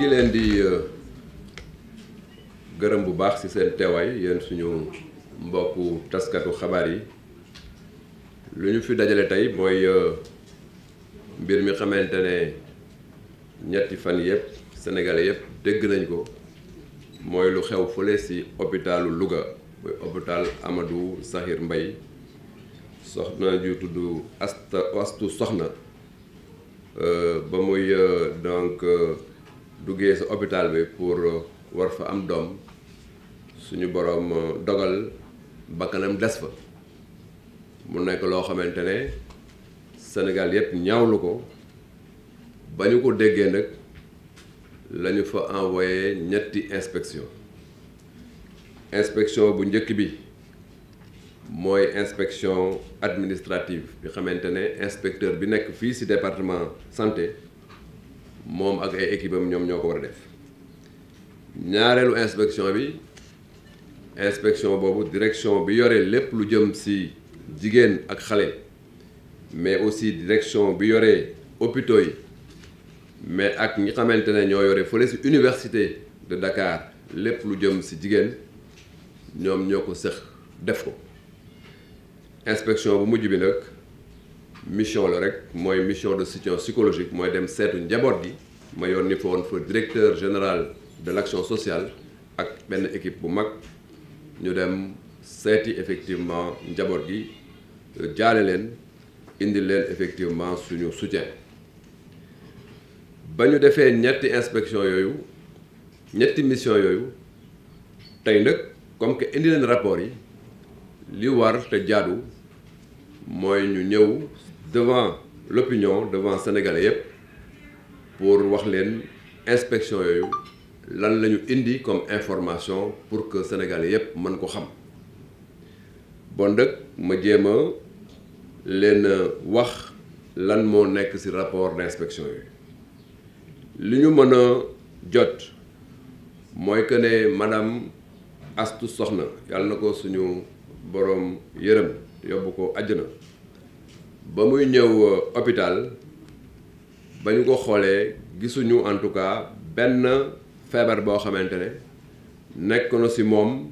ngi leen di euh, gërëm bu baax ci seen teewaay yéen suñu mbokku taskatu xabaar yi lu ñu fi dajale tey mooy euh, mbir mi xamante ne ñetti fan yëpp senegal yëpp dégg nañ ko mooy lu xew fële ci hôpitalu Louga muy hôpital Amadou Sakhir Mbaye soxna ju tudd asta astu soxna euh, ba muy donc duggee sa hôpital bi pour euh, war fa am doom suñu boroom euh, dogal bakkanam des fa mu nekk loo xamante ne Sénégal yëpp ñaawlu ko ba ñu ko déggee nag la ñu fa envoyé ñetti inspection inspection bu njëkk bi mooy inspection administrative bi xamante ne inspecteur bi nekk fii ci département santé moom ak ay équipe ñoom ñoo ko war a def ñaareelu inspection bi inspection boobu direction bi yore lépp lu jëm ci jigéen ak xale mais aussi direction bi yore hôpitaux yi mais ak ñi xamante ne ñoo yore fële ci université de Dakar lépp lu jëm ci jigéen ñoom ñoo ko sëx def ko inspection bu mujj bi nag mission la rek mooy mission de soutien psychologique mooy dem seetu njaboot gi ma yónni fa woon fa directeur général de l'action sociale ak benn équipe bu mag ñu dem seeti effectivement njaboot gi jaale leen indi leen effectivement suñu soutien ba ñu defee ñetti inspection yooyu ñetti mission yooyu tey nag comme que indi leen rapport yi li war te jaadu mooy ñu ñëw devant l'opinion devant sénégalais yëpp pour wax leen inspection yooyu lan la ñu indi comme information pour que sénégalais yëpp mën ko xam bon nag ma jéem a leen wax lan moo nekk ci rapport inspection yi li ñu mën a jot mooy que ne madame Astou soxna yàlla na ko suñu boroom yërëm yóbbu ko na ba muy ñëw euh, hôpital ba ñu ko xoolee gisuñu en tout cas benn feebar boo xamante ne nekk na ci moom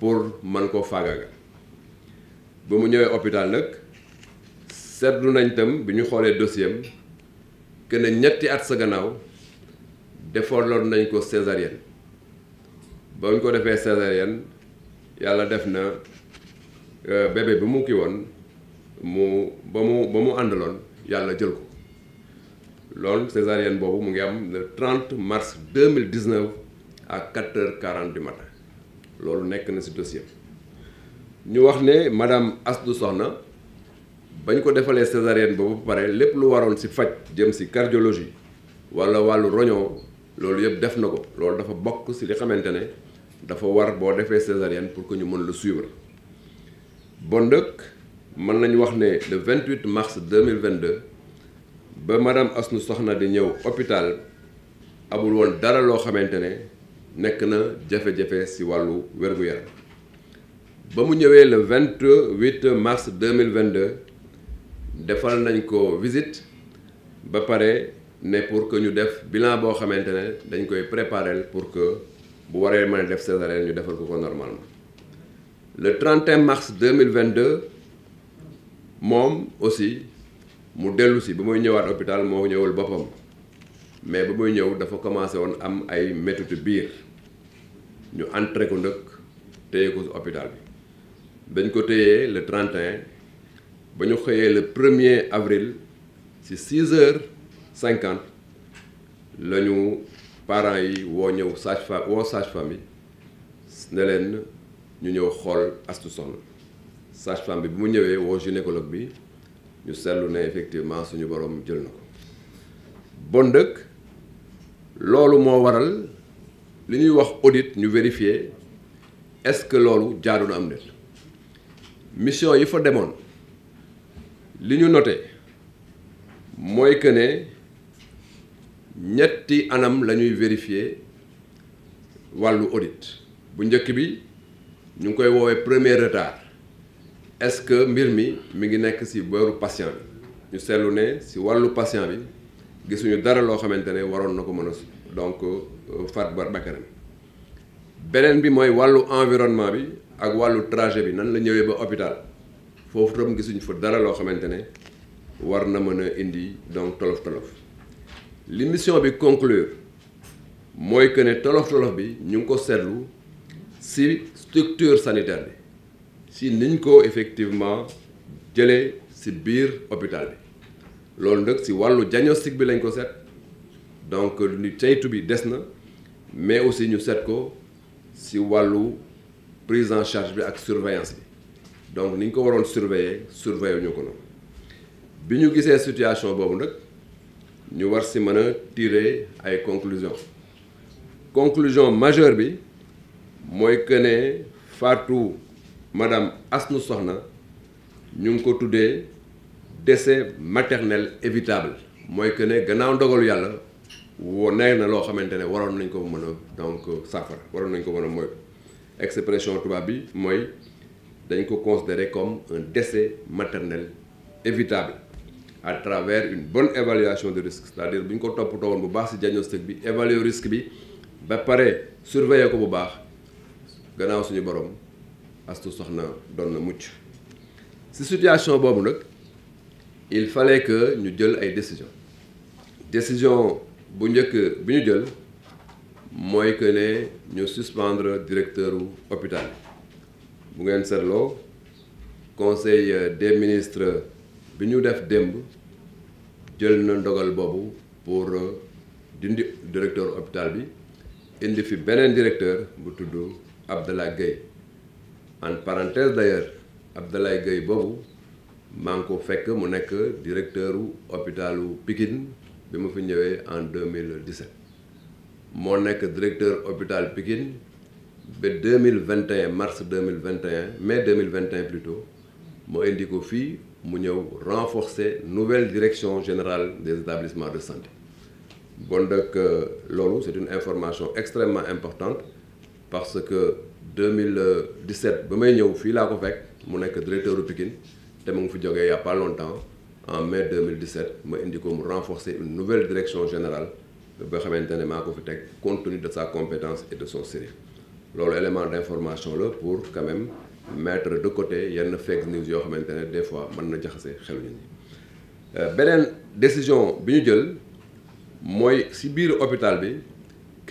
pour man ko faagaga ba mu ñëwee hôpital nag seetlu nañ tam bi ñu xoolee dossier am que ñetti at sa gannaaw defaloon nañ ko césarienne ba ñu ko defee césarienne yàlla def na euh, bébé bi mu ki woon mu ba mu ba mu àndaloon yàlla jël ko loolu césarienne boobu mu ngi am le 30 mars 2019 à 4 heures 40 du matin loolu nekk na ci dossier ñu wax ne madame Astou Sokhna bañ ko defalee césarienne boobu pare lépp lu waroon ci faj jëm ci cardiologie walla wàllu roñoo loolu yëpp def na ko loolu dafa bokk ci li xamante ne dafa war boo defee césarienne pour que ñu mën la suivre bon dëkk mën nañu wax ne le 28 mars 2022 ba madame Astou soxna di ñëw hôpital amul woon dara loo xamante ne nekk na jafe-jafe ci wàllu wér yaram ba mu ñëwee le 28 mars 2022 defal nañ ko visit ba pare ne pour que ñu def bilan boo xamante ne dañ koy préparer pour que bu waree ma a def césarienne ñu defal ko ko normalement le 31 mars 2022. moom aussi mu dellu si ba muy ñëwaat hôpital moo ñëwal boppam mais ba muy ñëw dafa commencé woon am ay métitu biir ñu entré ko ndëkk téye ko si bi dañ ko téyee le 31 ba ñu xëyee le premier avril si 6 heures 50 la ñu parents yi woo ñëw sage-femme woo sage-femme yi ne leen ñu ñëw xool astu Sokhna sage-femme bi mu ñëwee woo gynécologue bi ñu seetlu ne effectivement suñu borom jël na ko bon dëkk loolu moo waral li ñuy wax audit ñu vérifier est-ce que loolu jaadu na am déet mission yi fa demoon li ñu noté mooy que ne ñetti anam la ñuy vérifier wàllu audit bu njëkk bi ñu ngi koy woowee premier retard est-ce que mbir mi mi ngi nekk ci booru patient bi ñu seetlu ne ci wàllu patient bi gisuñu dara loo xamante ne waroon na ko mën a donc euh, faat ba bakkanam beneen bi mooy wàllu environnement bi ak wàllu trajet bi nan la ñëwee ba hôpital foofu tam gisuñu fa dara loo xamante ne war na mën a indi donc tolof tolof li mission bi conclure mooy que ne tolof tolof bi ñu ngi ko seetlu ci structure sanitaire bi. si niñ ko effectivement jëlee si biir hôpital bi loolu nag si wàllu diagnostic bi lañ ko set donc ni saytu bi des na mais aussi ñu set ko si wàllu prise en charge bi ak surveillance bi donc ni ko waroon surveiller surveiller ñu ko noonu bi ñu gisee situation boobu nag ñu war si mën a tirer ay conclusion conclusion majeure bi mooy que ne Fatou madame Astou Sokhna ñu ngi ko tuddee décès maternel évitable mooy que ne gannaaw ndogalu yàlla woo nee na loo xamante ne waroon nañ ko mën a donc saafara waroon nañ ko mën a mooy expression tubaab bi mooy dañ ko considérer comme un décès maternel évitable à travers une bonne évaluation de risque c'est-à-dire bu ñu ko toppatoo woon bu baax ci diagnostic bi évaluer risque bi ba pare surveiller ko bu baax gannaaw suñu borom astu soxna doon na mucc si situation boobu nag il fallait que ñu jël ay décision décision bu njëkk bi ñu jël mooy que ne ñu suspendre directeur u hôpital bu ngeen seetloo conseil des ministres bi ñu def démb jël na ndogal boobu pour dindi directeur hôpital bi indi fi beneen directeur bu tudd Abdallah Gueye en parenthèse d'ailleurs Abdoulaye Gueye boobu maa ngi ko fekk mu nekk directeur u hôpitalu Pikine bi mu fi ñëwee en 2017 moo nekk directeur hôpital Pikine ba 2021 mars 2021 mai 2021 plutôt moo indi ko fii mu ñëw renforcer nouvelle direction générale des établissements de santé bon donc euh, loolu c'est une information extrêmement importante parce que 2017 ba may ñëw fii laa ko fekk mu nekk directeur u Pikine te mu ngi fi jógee y' a pas longtemps en mai 2017 ma indi ko mu renforcer une nouvelle direction général ba xamante ne maa ko fi teg compte de sa compétence et de son sérieux loolu élément d' information la pour quand même mettre de côté yenn fake news yoo xamante ne des fois mën na jaxase xelu nit ñi euh, beneen décision bi ñu jël mooy si biir hôpital bi.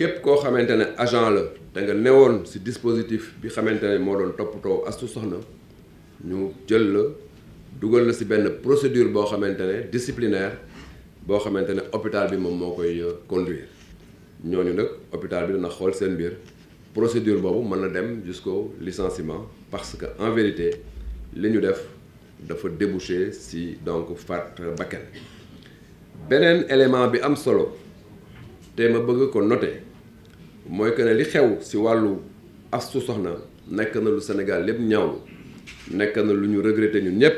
képp koo xamante ne agent la te nga newoon ci dispositif bi xamante ne moo doon toppatoo astu soxna ñu jël la dugal na ci benn procédure boo xamante ne disciplinaire boo xamante ne hôpital bi moom moo koy euh, conduire ñooñu nag hôpital bi dana xool seen biir procédure boobu mën na dem jusqu'au licenciement parce que en vérité li ñu def dafa déboucher ci donc faat bakkan beneen élément bi am solo te ma bëgg ko noter mooy que ne li xew si wàllu astu soxna nekk na lu senegal lépp ñaawlu nekk na lu ñu regretté ñun ñëpp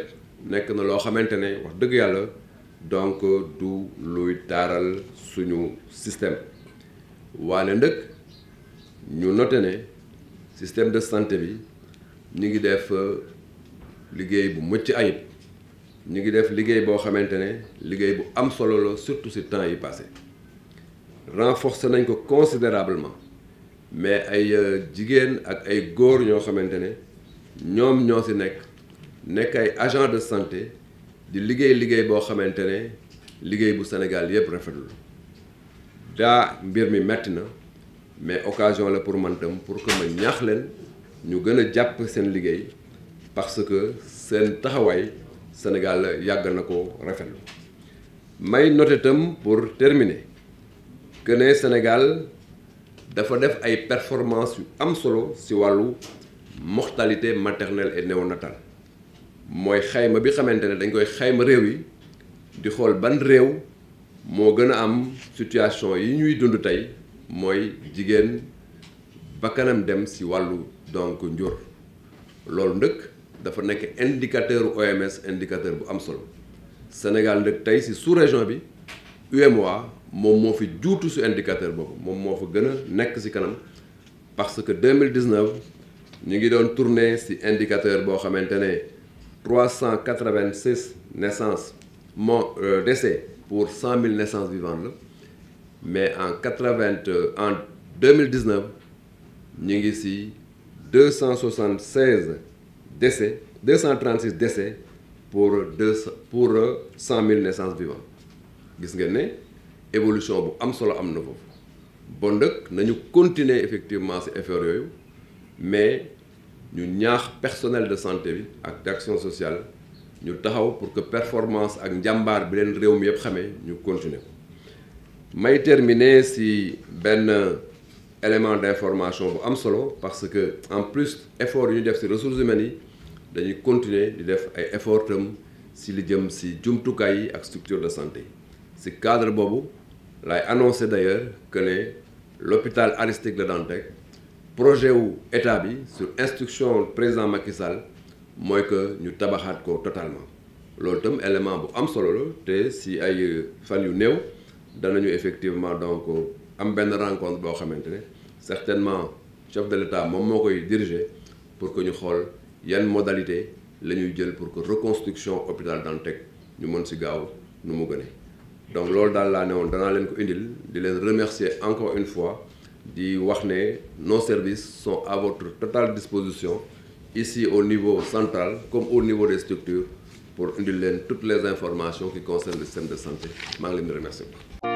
nekk na loo xamante ne wax dëgg yàlla donc du luy taaral suñu système waane ndëkk ñu noté ne système de santé bi ñu ngi def euh, liggéey bu mucc ayib ñu ngi def liggéey boo xamante ne liggéey bu am solo la surtout si temps yi passé renforcer nañ ko considérablement mais ay euh, jigéen ak ay góor ñoo xamante ne ñoom ñoo ci nekk nekk ay agent de santé di liggéey liggéey boo xamante ne liggéey bu Sénégal yépp rafetlu daa mbir mi metti na mais occasion la pour mantam pour que ma ñaax leen ñu gën a jàpp seen liggéey parce que seen taxawaay Sénégal yàgg na ko rafetlu may noté tam pour terminer que ne Sénégal dafa def ay performance yu am solo ci wàllu mortalité maternelle et néonatale mooy xayma bi xamante ne dañ koy xayma réew yi di xool ban réew moo gën a am situation yi ñuy dund tey mooy jigéen bakkanam dem ci wàllu donc njur loolu ndëkk dafa nekk indicateur OMS indicateur bu am solo Sénégal ndëkk tey ci sous-région bi UEMOA moom moo fi juutu su indicateur boobu moom moo fa gën a nekk ci kanam parce que deux mille 2019 ñu ngi doon tourner ci indicateur boo xamante ne 386 naissances moo euh, décès pour 100 000 naissances vivantes la mais en 80 euh, en 2019 ñu ngi ci 276 décès 236 décès pour deux pour 100 euh, 000 naissances vivantes gis ngeen ne. évolution bu am solo am na foofu bon nag nañu continuer effectivement si effort yooyu mais ñu ñaax personnel de santé bi ak d'action sociale ñu taxaw pour que performance ak njàmbaar bi leen réew mi yëpp xamee ñu continuer ko may terminer si benn élément d'information bu am solo parce que en plus effort yu ñu def si ressources humaines yi dañuy continuer di def ay effort tam si li jëm si jumtukaay yi ak structure de santé si cadre boobu lay annoncé d'ailleurs que ne l'hôpital Aristide Le Dantec projet wu état bi sur instruction président Macky Sall mooy que ñu tabaxaat ko totalement loolu itam élément bu am solo la te si ay fan yu néew danañu effectivement donc am benn rencontre boo xamante ne certainement chef de l'État moom moo koy diriger pour que ñu xool yan modalité la ñuy jël pour que reconstruction hôpital Dantec ñu mën si gaaw nu mu gënee. donc loolu daal laa ne woon danaa leen ko indil di leen remercier encore une fois di wax ne nos services sont à votre totale disposition ici au niveau central comme au niveau des structures pour indil leen toutes les informations qui concernent le système de santé maa ngi leen di remercier